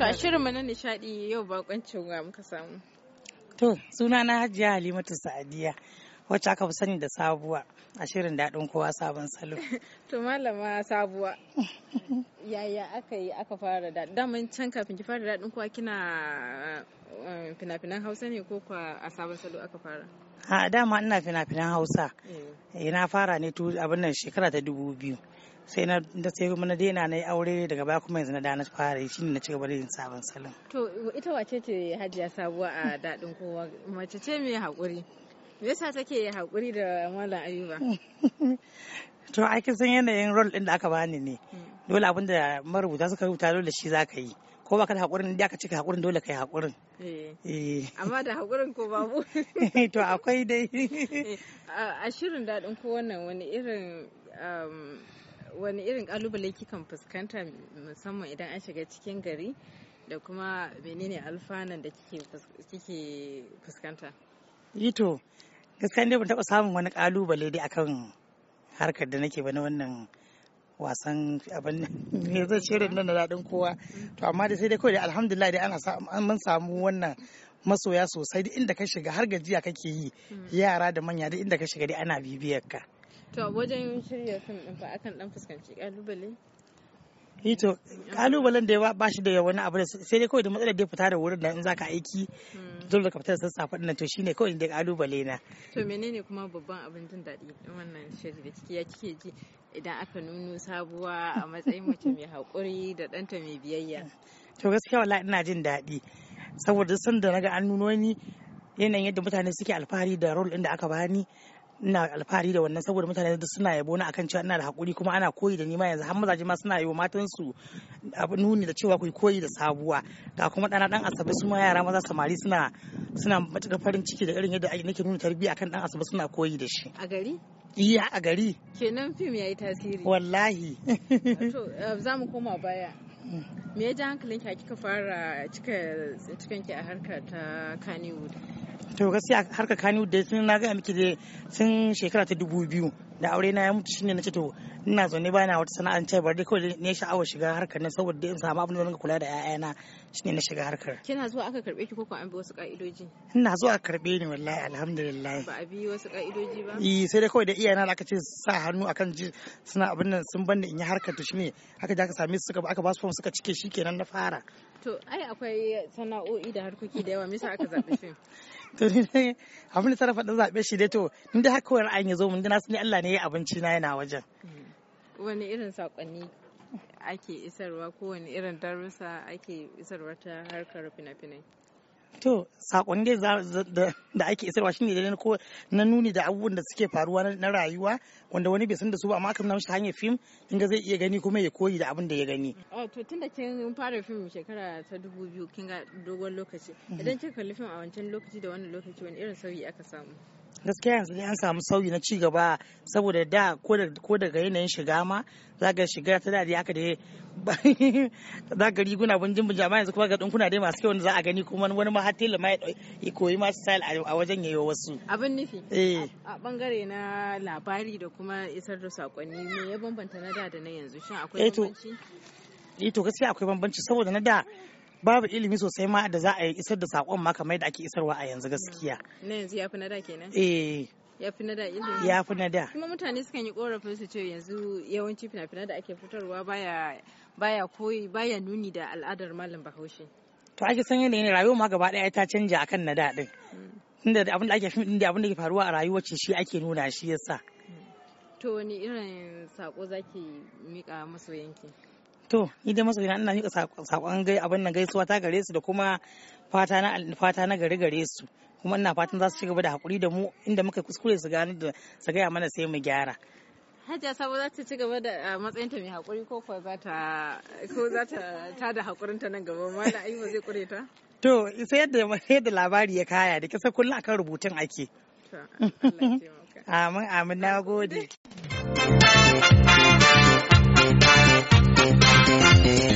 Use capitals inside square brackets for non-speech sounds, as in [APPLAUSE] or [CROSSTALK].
To a shirinmu na nishadi yau bakoncin wa muka samu. To suna na Hajiya Halimatu Sa'adiya wacce aka fi sani da sabuwa a shirin daɗin kowa sabon salo. [LAUGHS] to malama sabuwa [LAUGHS] yaya aka yi aka fara da daman can kafin ki fara daɗin kowa kina eh, fina-finan Hausa ne ko kwa a sabon salo aka fara? a dama ina fina-finan hausa mm. eh, na fara ne abin nan shekara ta dubu biyu sai na da sai daina na yi aure daga baya kuma yanzu na da na fara shi ne na cigaba da sabon salon to ita wace ce hajiya sabuwa a daɗin kowa mace ce mai hakuri me yasa take hakuri da mallam ayuba [LAUGHS] to ai kin san yanayin role din da aka bani ne mm. dole abin da marubuta suka rubuta dole shi zaka yi ko baka da hakurin da ka cika hakurin dole kai hakurin eh. eh. amma da hakurin ko babu [LAUGHS] to akwai dai eh, a shirin daɗin ko wannan wani irin um, wani irin kalubale kikan fuskanta musamman idan an shiga cikin gari da kuma menene alfanan da kike fuskanta ito gaskiya ne ban taɓa samun wani kalubale dai akan harkar da nake ba na wannan wasan abin [LAUGHS] ne zai shirin nan da daɗin kowa to amma da sai dai kawai da alhamdulillah dai ana mun samu wannan masoya sosai duk inda ka shiga har gajiya kake yi hmm. yara da manya duk inda ka shiga dai ana bibiyar ka to wajen yin shirya fim din fa akan dan fuskanci kalubale eh to kalubalen da ya ba shi da wani abu sai dai kawai da matsalar da fita da wurin da in zaka aiki hmm. fita kaftar sassafa ɗin to shine kawai da kalubale na to menene kuma babban abin jin daɗi wannan shirin da kike ya kike ji idan aka nuno sabuwa a matsayin mace mai haƙuri da ɗanta mai biyayya to gaskiya wala ina jin daɗi saboda sun da naga an nuno ni yanayin yadda mutane suke alfahari da rol ɗin da aka bani ina alfahari da wannan saboda mutane da suna yabo na akan cewa ina da hakuri kuma ana koyi da nima yanzu har mazaje ma suna yi su abu nuni da cewa ku koyi da sabuwa ga kuma dana dan asabe su ma yara maza samari suna suna matukar farin ciki da irin yadda nake nuna tarbiyya akan dan asabe suna koyi da shi a gari iya a gari kenan fim yayi tasiri wallahi to eh, za koma baya mm. me ya ji hankalinki kika fara cika cikinki a harka ta Kannywood to gaskiya harka kanu da sun na gaya miki da sun shekara ta dubu biyu da aure na ya mutu shine na ce to ina zaune bana wata sana'ar cewa bari kawai ne sha'awar shiga harkar nan saboda in samu abin da zan kula da 'ya'yana shine na shiga harkar kina zuwa aka karbe ki koko an bi wasu ka'idoji ina zuwa aka karbe ni wallahi alhamdulillah ba a bi wasu ka'idoji ba eh sai dai kawai da iyayena da aka ce sa hannu akan ji suna abin nan sun banda in yi harkar to shine aka je aka same su suka aka ba su form suka cike shikenan na fara to ai akwai sana'o'i da harkoki da yawa me yasa aka zabe shi [LAUGHS] to ne abin da ta rafa da zabe shi dai to ni da haka wani an ya zo mun da na sani Allah ne ya abinci na yana wajen hmm. wani irin sakonni ake isarwa kowane irin darussa ake isarwa ta harkar fina-finai to sakon dai da ake isarwa shine ne ko na nuni da abubuwan da suke faruwa na rayuwa wanda wani bai san da su ba amma namshi ta hanyar fim inda zai iya gani kuma ya koyi da abin da ya gani oh to tunda kin fara fim shekara ta dubu biyu kin ga dogon lokaci idan kin kalli fim a wancan lokaci da wannan lokaci wani irin sauyi aka samu gaskiya yanzu dai an samu sauyi na ci gaba saboda da ko daga yanayin shiga ma zaga shiga ta dadi aka da [LAUGHS] zaga riguna bunjin bunjin amma yanzu kuma ga dinkuna dai masu kyau za a gani kuma wani ma hatila ma ya koyi masu style a wajen yayi wasu abin nufi eh. a bangare na labari da kuma isar da sakonni ne ya bambanta na da da na yanzu shin akwai eh bambanci eh to gaskiya akwai bambanci saboda na da babu ilimi sosai ma da za a yi isar da sakon ma kamar da ake isarwa a yanzu gaskiya na yanzu ya fi na da kenan eh ya fi na da ilimi ya fi na da kuma mutane sukan yi korafin su ce yanzu yawanci fina-finan da ake fitarwa baya baya koyi baya nuni da al'adar malam bahaushe to ake san yanayin rayuwa ma gaba ɗaya ta canja akan na da din hmm. inda abin da ake fim din da abin da ke faruwa a rayuwar ce shi ake nuna shi yasa hmm. to wani irin sako zaki mika masoyanki To, ni dai masu ina miƙa saƙon gai abin nan gaisuwa ta gare su da kuma fata na fata na gare gare su. Kuma ina fatan za su ci gaba da haƙuri da mu inda muka kuskure su gani da su gaya mana sai mu gyara. Hajiya Sabo za ta ci gaba da matsayinta mai haƙuri ko kuwa za ta ko za ta ta da haƙurinta nan gaba malam ayyuka zai kure ta. To, sai yadda yadda labari ya kaya da kisa kullum akan rubutun ake. [LAUGHS] Amin amin na gode. Thank you.